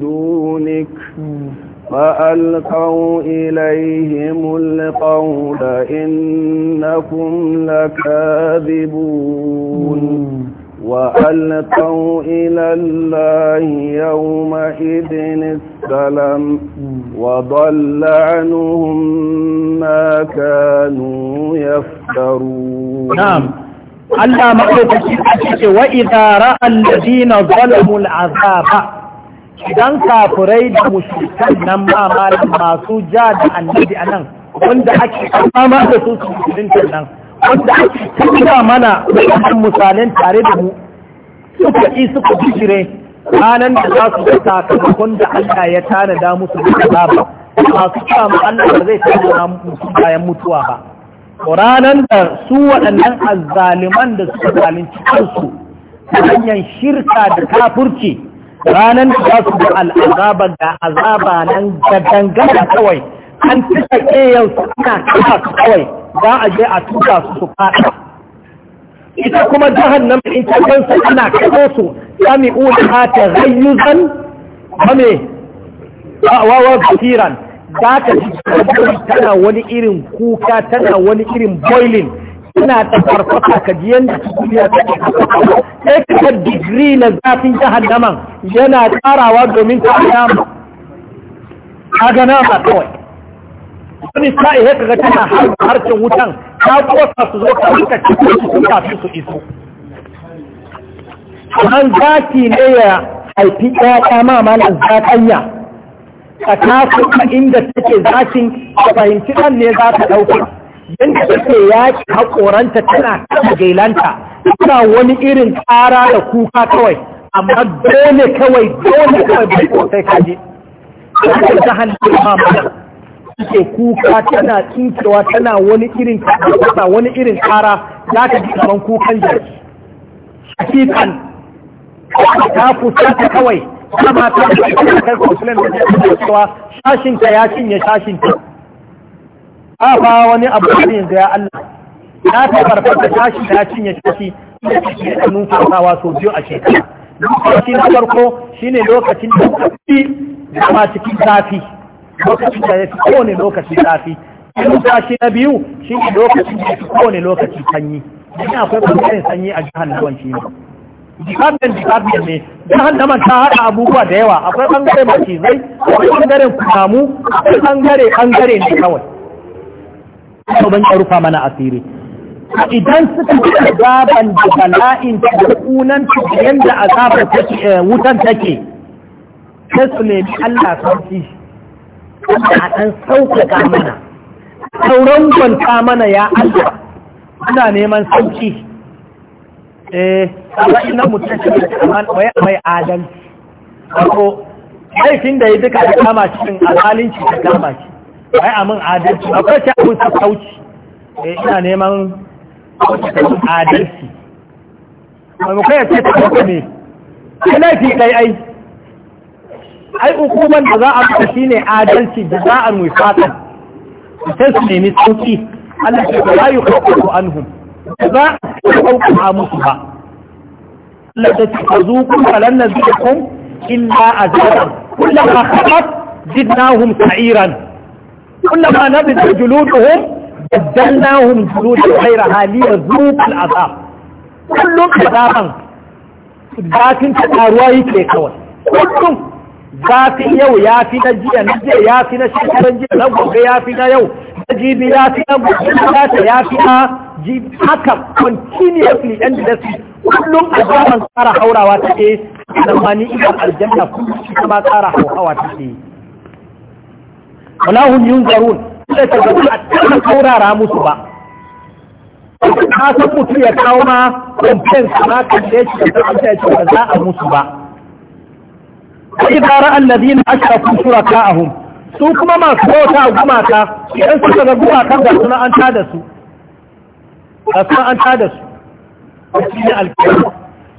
دونك فألقوا إليهم القول إنكم لكاذبون وألقوا إلى الله يومئذ السلام وضل عنهم ما كانوا يفترون نعم Allah maɗaukaki a ce wa idara allazi na zalamul azaba idan kafurai da mushrikan nan ma masu ja da annabi a nan wanda ake samar da su su nan wanda ake kira mana wajen misalin tare da mu suka ƙi suka ranar da za su ga sakamakon da Allah ya tanada musu da ba masu kira ma Allah ba zai tanada musu bayan mutuwa ba ranar da su waɗannan azzaliman da suka zalunci kansu ta hanyar shirka da kafurci ranar da za su ga al'azaba da azaba nan ga dangana kawai an tuka ƙeyarsu ana kawai za a je a tuka su su fada ita kuma jahannam in ta kansa ana kaso su sami ulaha ta ghayyuzan wa me wa kafiran za ta ji tana wani irin kuka tana wani irin boiling tana ta farfasa ka ji yanda duniya ta ke sai ka digiri na zafin jahannaman yana karawa domin ta nama ka ga nama kawai wani sa'i haka ga tana harcin wutan ta kosa su zo ka rika cikin su kafin su iso an zaki ne ya haifi ƴaƴa ma malam zakanya ka inda take zakin fahimci ɗan ne za ta ɗauka yadda take yaƙi haƙoranta tana kama gailanta tana wani irin ƙara da kuka kawai amma dole kawai dole kawai bai sosai kaji ta hannun ma take kuka tana tsinkewa tana wani irin kasa wani irin kara za ta ji kaman kukan jaki hakikan ta fuskanta kawai kama ta kai kusurin da ta cewa shashinta ya cinye shashinta a ba wani abu da yanzu ya Allah na ta farfar da shashi ta cinye shashi da take da numfasawa sau biyu a shekara lokaci na farko shine lokacin da ta fi da zama cikin zafi lokacin da ya fi kowane lokaci zafi numfashi na biyu shi ne lokacin da ya fi kowane lokaci sanyi yana akwai ɓangaren sanyi a jihar nawan shi ne department department ne jihar nama ta haɗa abubuwa da yawa akwai ɓangare zai. akwai ɓangaren kunamu akwai ɓangare ɓangare ne kawai ina ban ya rufa mana asiri idan suka ji azaban da bala'in da kunan yadda azabar eh, wutan take sai su nemi Allah sauki Allah a ɗan sauƙaƙa mana sauran gwanta mana ya Allah ana neman sauƙi eh sabon na mutum shi da mai adalci ko laifin da ya duka da kama cikin alhalinci da kama shi wai amin adalci akwai ce abin sauƙi eh ina neman adalci maimakon ya ce ta ne laifi kai ai ai hukuman da za a mutu shine adalci da za a nufatan sai su nemi sauki Allah ya ba yi hukuku anhum za a hukuku a musu ba Allah ta ce zu kun falan na zukum illa azaban kullama khabat zidnahum sa'iran kullama nabida juluduhum بدلناهم جلودا غيرها ليذوقوا العذاب كلهم عذابا لكن تقاروا يكلي كوي كلهم Zafi yau ya fi na jiya na jiya ya fi na shekaran jiya na gobe ya fi na yau na jibi ya fi na gobe na lata ya fi na jibi haka continuously yan da su kullum a zaman tsara haurawa ta ke mani iya aljanna kullum shi ba tsara haurawa ta ke wala hun yun zarun sai ta zabi a tsara haurara musu ba ta san mutum ya kawo ma kwanfiyar sama kan da ya ce da za a musu ba فإذا رأى الذين أشركوا شركاءهم su kuma masu bauta gumaka idan suka ga gumakan da suna an tada su da suna an tada su a cikin alkiyar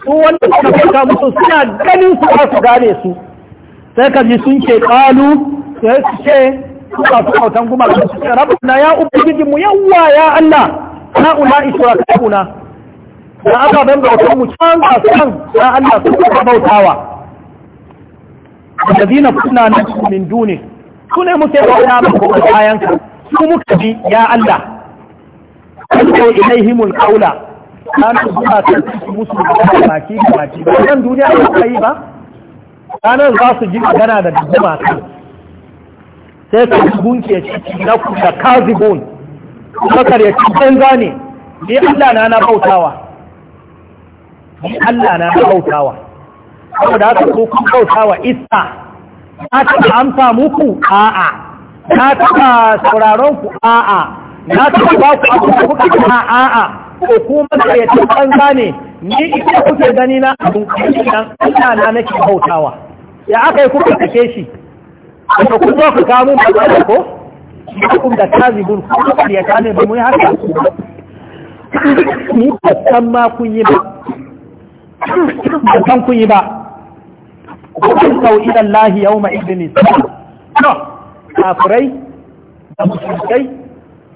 su wanda suka bauta musu suna ganin su ba su gane su sai ka sun ce kalu sai su ce su ba bautan gumakan su na ya ubangiji mu yawa ya Allah na ula ishura ka kuna da aka ban bautan mu can ba su kan ya Allah su ka bautawa alladhina kunna nad'u min duni sune muke bauta ba ko bayan ka su muka bi ya Allah ko ilaihimul qawla kana zuwa ta musu da baki da baki ba nan duniya ba kai ba ranar za su ji magana da dubba kan sai ka gunke ciki na kuka kazibon bakar ya ci banza ne ni Allah na Allah na na bautawa saboda haka ko kun kauta wa iska na taɓa amsa muku a'a na taɓa sauraron ku a'a na taɓa ba ku abu da kuka kuma a'a ko kuma da ya ce banza ne ni ita kuke gani na abin kuɗi dan ina na nake kautawa ya aka yi kuka kake shi da ku zo ku kawo mun ba ko hukum da kazibun ku ku ya ta ne mu yi haka ni ta san ma kun yi ba ba san kun yi ba kun sau idan lahi yau ma kafirai da musulkai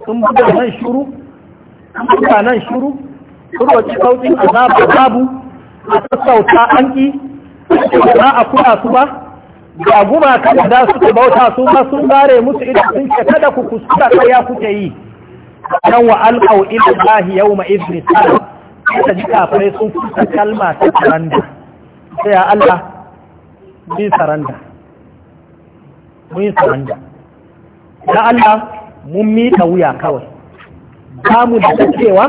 sun buga nan shuru sun buga nan shuru sun roci sautin azabu babu a sassauta an ƙi ba a kula su ba ga gumaka da suka bauta su ma sun bare musu idan sun ce kada ku kuskura ya kuke yi nan wa alqau ila yau ma idris sai ta ji kafirai sun kusa kalma ta karanda sai Allah mun saranda mun saranda da Allah mun mita wuya kawai ba mu da cewa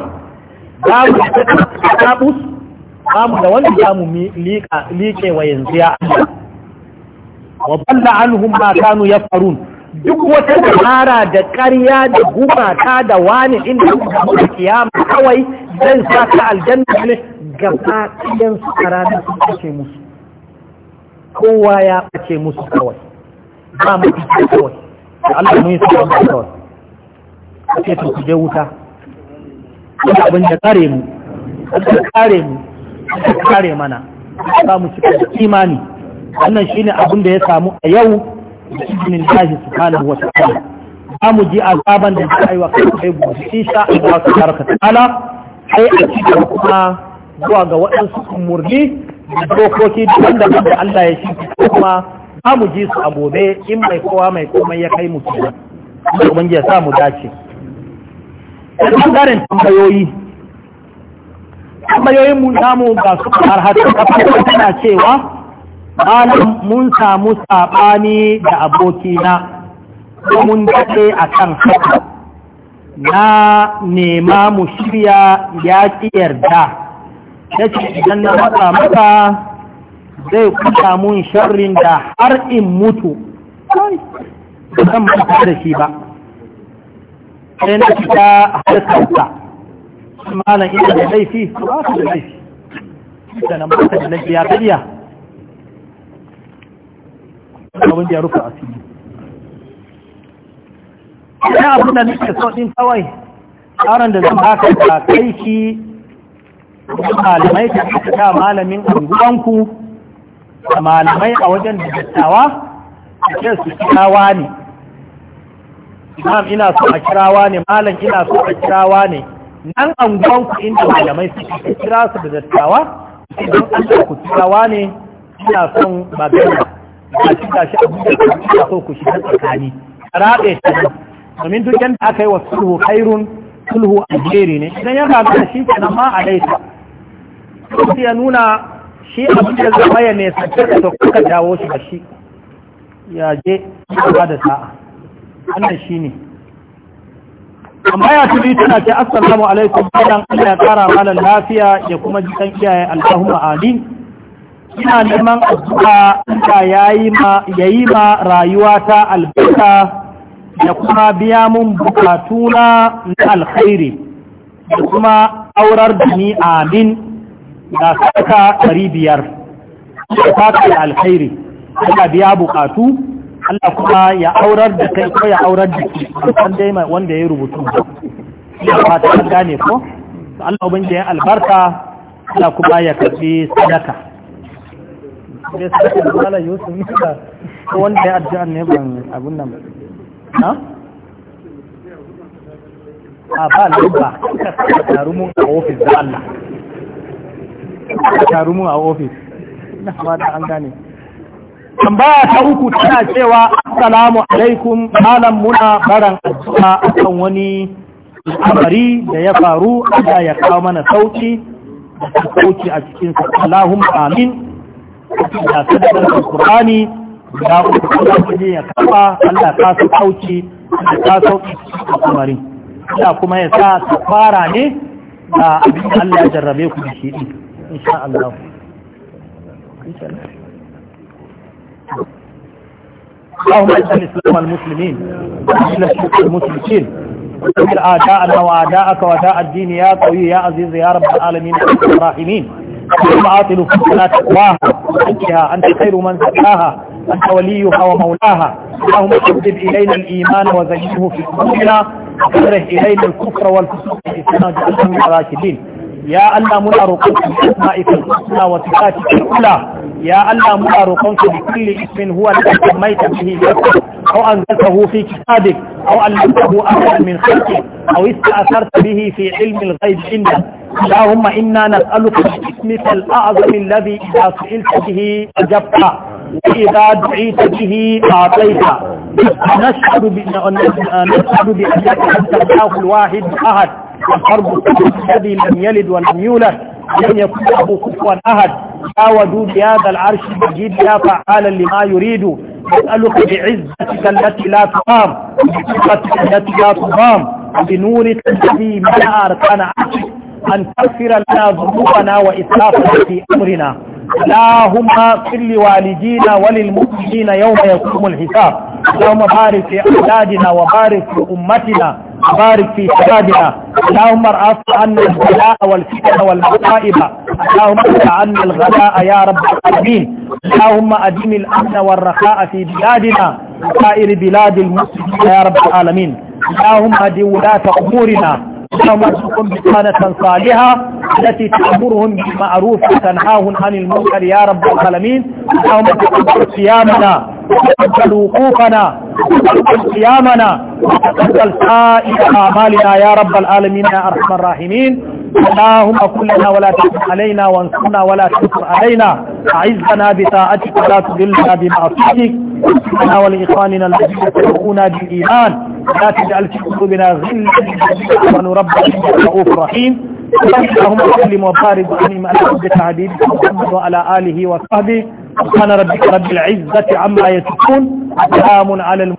ba mu da tabus ba mu da wani. za mu liƙe wa yanzu ya Allah wa balla anhum ma kanu yafarun duk wata tsara da ƙarya da gumata da wani inda suka da kiyama kawai zan sa ka aljanna ne gaba ɗayan su ƙarar ranar su ce musu kowa ya ɓace musu kawai ba mu ita kawai Allah mun yi su ba kawai a ce to ku je wuta Kuma abin da kare mu da kare mu da kare mana ba mu cika da imani wannan shine abin da ya samu a yau da izinin lahi subhanahu wata ta'ala Ba mu ji azaban da za a yi wa kai gobe insha Allah subhanahu wa ta'ala sai a cikin kuma zuwa ga waɗansu umurni da dokoki daban-daban da Allah ya shi kuma za mu ji su a gobe in mai kowa mai komai ya kai mu kenan domin ya sa mu dace ɓangaren tambayoyi tambayoyin mu samu ga su har haka kafa tana cewa malam mun samu saɓani da abokina ko mun daɗe a kan haka na nema mu shirya ya ƙi yarda yake idan na matsa maka zai kusa mun sharrin da har in mutu ba zan manta da shi ba sai na fita harkarsa malam ina da laifi ba su da laifi da na mata da laifi ya kariya abin da ya rufe asiri ina abin da nake so din kawai tsarin da zan baka ka kai shi malamai ka kasa malamin unguwanku da malamai a wajen da dattawa a ce su kirawa ne imam ina so a kirawa ne malam ina so a kirawa ne nan unguwanku inda malamai su kira su da dattawa idan an ku kirawa ne ina son magana da shi da shi abin da ina so ku shiga tsakani rabe ta domin duk yadda aka yi wa sulhu kairun sulhu jere ne idan ya rabu da shi kenan ma a laifin sai ya nuna shi abu da zama ya nesa da to kuka dawo shi ba shi ya je ba da sa'a wannan shi ne amma ya tudi tana ce assalamu alaikum bayan Allah ya kara mana lafiya ya kuma ji san iyaye Allahumma amin ina neman addu'a da yayi ma yayi ma rayuwata albarka ya kuma biya mun bukatuna na alkhairi da kuma aurar da ni amin na saka ɗari biyar da fata da alkhairi Allah biya bukatu Allah kuma ya aurar da kai ko ya aurar da ke wanda ya rubutu ya fata an gane ko Allah ubin ya albarka Allah kuma ya karɓi sadaka sai sadaka da Allah Yusuf ne ko wanda ya addu'a ne ban abun nan ha a ba lamba ka taru mun a ofis da Allah taru mu a ofis na an gane tambaya ta uku tana cewa assalamu alaikum malam muna baran addu'a akan wani amari da ya faru Allah ya kawo mana sauki da sauki a cikin sa Allahumma amin da sadakar alqur'ani da uku Allah ya kafa Allah ka sauki da ka sauki al'amari da kuma ya sa fara ne da Allah ya jarrabe ku da shi din إن شاء الله اللهم اجعل الاسلام المسلمين واجعل الشرك المشركين وتمر اعداءنا واعداءك واعداء الدين يا قوي يا عزيز يا رب العالمين الراحمين اللهم عاطل فتنة تقواها وزكها انت خير من زكاها انت وليها ومولاها اللهم حبب الينا الايمان وزينه في قلوبنا وكره الينا الكفر والفسوق في والاسلام جعلنا من الراشدين يا الله منا رقمك بأسمائك الحسنى وصفاتك الأولى يا الله منا رقمك بكل اسم هو الذي سميت به نفسك أو أنزلته في كتابك أو علمته أحدا من خلقك أو استأثرت به في علم الغيب عندك اللهم إنا نسألك باسمك الأعظم الذي إذا سئلت به أجبت وإذا دعيت به أعطيت نشهد بأنك أنت الله الواحد الأحد الحرب الذي لم يلد ولم يولد لم يكن له كفوا احد يا ودود يا ذا العرش المجيد يا فعالا لما يريد نسألك بعزتك التي لا تقام بقدرتك التي لا تقام بنورك الذي ملأ أركان عرشك أن تغفر لنا ذنوبنا وإسرافنا في أمرنا اللهم اغفر لوالدينا وللمؤمنين يوم يقوم الحساب اللهم بارك في أولادنا وبارك في أمتنا وبارك في شبابنا اللهم ارعف عنا البلاء والفتن والمصائب اللهم ارفع عنا الغلاء يا رب العالمين اللهم ادم الامن والرخاء في بلادنا وسائر بلاد المسلمين يا رب العالمين اللهم ادم ولاة امورنا اللهم ارزقهم بطانة صالحة التي تأمرهم بالمعروف وتنهاهم عن المنكر يا رب العالمين اللهم تقبل صيامنا وتقبل وقوفنا قيامنا وتقبل سائر أعمالنا يا رب العالمين يا أرحم الراحمين اللهم كن لنا ولا تكن علينا وانصرنا ولا تنصر علينا أعزنا بطاعتك ولا تذلنا بمعصيتك لنا ولإخواننا الذين يتبعونا بالإيمان لا تجعل في قلوبنا غلا ربنا إنك رؤوف رحيم اللهم سلم وبارك وانعم على عبدك عبيدك محمد وعلى آله وصحبه سبحان ربك رب العزة عما يصفون سلام على المؤمنين